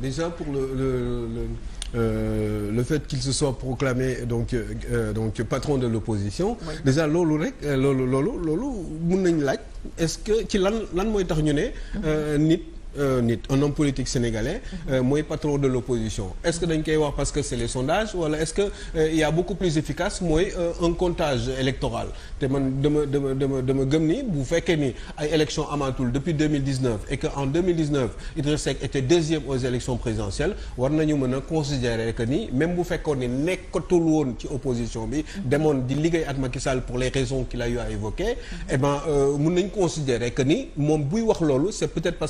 déjà pour le le le euh, le fait qu'il se soit proclamé donc euh, euh donc patron de l'opposition oui. déjà loolu rek euh, loolu loolu loolu mun nañ laaj est-ce que ci lan lan mooy tax ñu ne euh, nit Euh, nit un homme politique sénégalais mhm. euh, mooy patron de l'opposition est-ce que dañ koy wax parce que c'est les sondages wala est-ce que euh, il beaucoup plus efficace mooy un comptage électoral te man dama dama dama gëm ni bu fekkee ni ay élections amaatul depuis 2019 et que en 2019 Idrissa était deuxième aux élections présidentielles war nañu mën a considérer que ni même bu fekkoon ni nekkatul woon ci opposition bi demoon di liggéey ak Macky Sall pour les raisons qu'il a eu à évoquer eh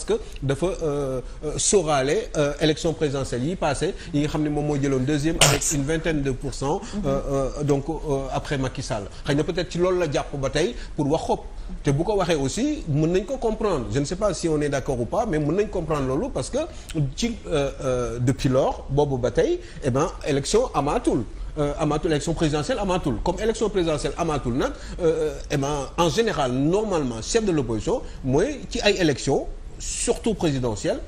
que dafa euh, euh, sóoraale euh, élection présidentielle yi passé yi nga xam ne moom moo jëloon deuxième avec une vingtaine de pour cent mhm. donc après Macky Sall xëy na peut-être ci loolu la jàpp ba tey pour wax xob te bu ko waxee aussi mën nañ ko comprendre je ne sais pas si on est d'accord ou pas mais mën nañ comprendre loolu parce que ci depuis lors boobu ba tey eh ben élection amaatul amaatul élection présidentielle amaatul comme élection présidentielle amaatul nag eh ben en général normalement chef de l'opposition mooy ci ay élection surtout présidentielle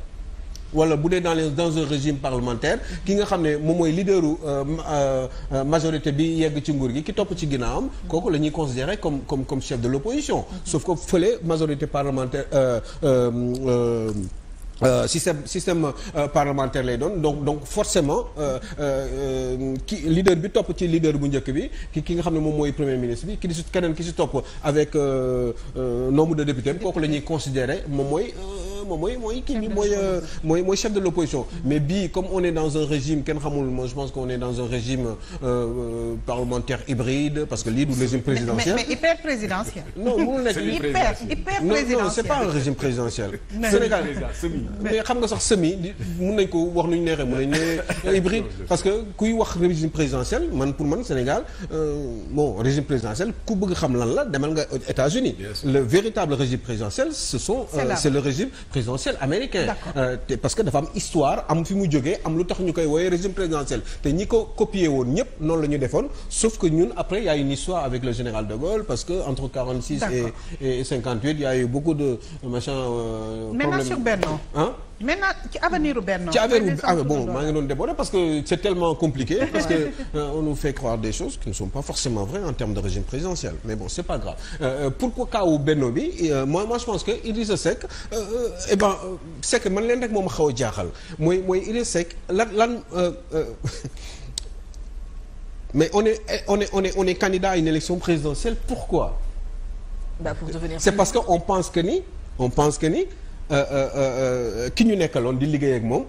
wala bu dee dans les dans un régime parlementaire ki nga xam ne moom mooy leaderu euh, euh, euh, majorité bi yegg ci nguur gi ki topp ci ginnaaw am kooku la ñuy considérer comme comme comme chef de l'opposition sauf que fële majorité parlementaire euh, euh, Euh, système système euh, parlementaire lay doon donc donc forcément euh, ki leader bi topp ci leader bu njëkk bi ki ki nga xam ne moom mooy premier ministre bi ki si keneen ki si topp avec nombre de députés kooku la ñuy considérer moom mooy moom mooy mooy kii bi mooy euh, mooy mooy chef de l'opposition mais bii comme on est dans un régime euh, euh, parlementaire hybride parce que lii du régime non mënul nekk non c'est pas un régime présidentiel Sénégal mais xam semi mën nañ ko wax nu ñu neexee mën parce que kuy wax régime présidentiel man pour man Sénégal bon régime présidentiel ku bëgg xam lan la demal nga États-Unis le véritable régime présidentiel c'est le régime présidentiel américain euh, parce que dafa am histoire am fi mu jógee am lu tax ñu koy woowee régime présidentiel te ñi ko copier woon ñëpp noon la ñu defoon sauf que ñun après y a une histoire avec le général de Gaulle parce que entre 46 et et 58 a eu beaucoup de machin euh, problème maintenant ci avenir u Benno ci avenir u ah, bon maa ngi doon déborder parce que c'est tellement compliqué parce que euh, on nous fait croire des choses qui ne sont pas forcément vraies en termes de régime présidentiel mais bon c'est pas grave euh, euh pourquoi cas u Benno bi euh, moi je pense que Idrissa Seck euh, eh ben Seck man leen rek moom xaw a jaaxal mooy mooy Idrissa Seck lan lan mais on est on est on est on est candidat à une élection présidentielle pourquoi bah c'est parce que on pense que ni on pense que ni Euh, euh, euh, ki ñu nekkaloon di liggéey ak moom.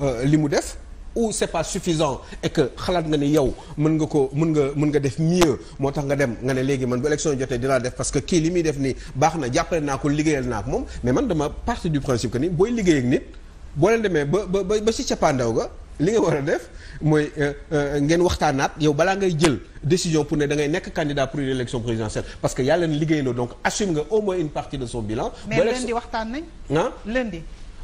Mhm. li mu def. ou c'est pas suffisant et que xalaat nga ni yow mën nga ko mën nga mën nga def mieux moo tax nga dem nga ne léegi man bu élection jotee dinaa def parce que kii li muy def nii baax na jàppale naa ko liggéeyal naa ko moom mais man dama partie du principe que ni booy liggéey ak nit boo leen demee ba ba ba ci cappaandaw ga li nga war a def mooy euh, euh, ngeen waxtaanaat yow balaa ngay jël décision pour ne da ngay nekk candidat pour une élection présidentielle parce que yàlla na liggéey na donc assume nga au moins une partie de son bilan. mais lundi waxtaan nañ. ah lundi.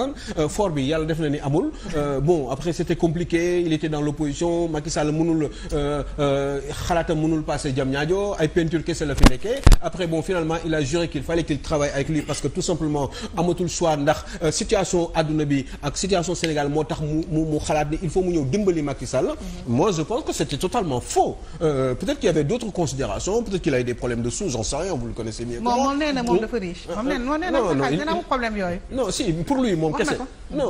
yoon euh, fort bi yàlla def ni amul euh, bon après c'était compliqué il était dans l'opposition Macky Sall mënul euh, xalaatam mënul passé Diamniadio ay peinture kese la fi nekkee après bon finalement il a juré qu'il fallait qu'il travaille avec lui parce que tout simplement amatul choix ndax situation adduna bi ak situation Sénégal moo tax mu mu mu xalaat ni il faut mu ñëw dimbali Macky Sall mhm. moi je pense que c'était totalement faux peut-être qu'il y avait moom kese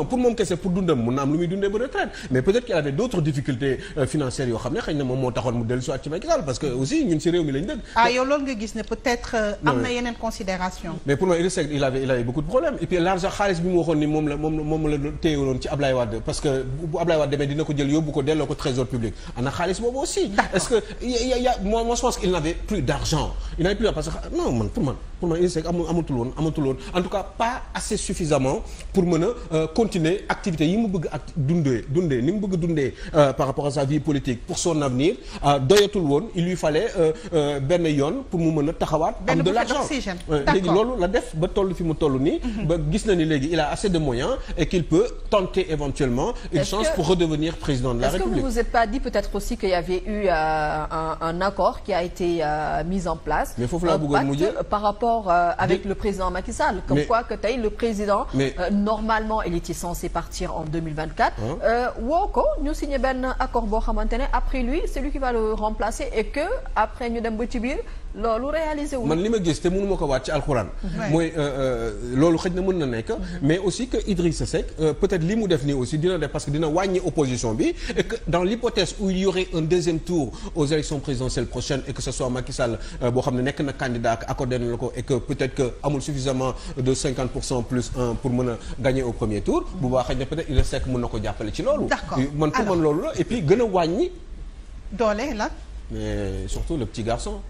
pour moom kese pour dundam mun na am lu muy dundee ba retraite mais peut-être qu'il avait d'autres difficultés euh, financières yoo xam ne xëy na moom moo taxoon mu dellu si ci Macky parce que aussi ñun si réew mi lañ dëkk ah yow loolu nga gis ne peut-être euh, am na yeneen considération mais pour moi il avait il avait beaucoup de problèmes et puis l'argent xaalis bi mu waxoon ni moom la moom moom la téyewoon ci Ablaye Wade parce que bu Ablaye Wade demee dina a y a pour mën a euh, continuer activité yi mu bëgg ak dundee dundee ni mu bëgg dundee euh, par rapport à sa vie politique pour son avenir euh, doyatul woon il lui fallait benn yoon pour mu mën a taxawaat am de l'argent léegi loolu la def ba toll fi mu toll nii mhm. ba gis na ni léegi il a assez de moyens et qu'il peut tenter éventuellement une chance pour redevenir président de la République. Est-ce que vous dit mis en place mais foofu laa bëggoon mujjee par rapport euh, le président Macky comme quoi que tey le président normalement il était censé partir en 2024. woo ko ñu signé benn accord boo xamante ne après lui c'est lui qui va le remplacer et que après ñu dem ba ci biir loolu réalisé wu. man li ma gis te mënu ma ko waat ci alxuraan. mooy euh, euh, loolu xëj na mën na nekk. Mhm. mais aussi que Idrissa Seck euh, peut-être li mu def nii aussi dina def parce que dina wàññi opposition bi. et que dans l'hypothèse où il un deuxième tour aux élections présidentielles prochaines et que ce soit Macky euh, boo xam ne nekk na candidat ak accordé na la ko et que peut-être que amul suffisamment de plus pour mën a gagner au premier tour. bu baax na peut-être Idrissa ci loolu. d'accord man a doole la. mais surtout le petit garçon.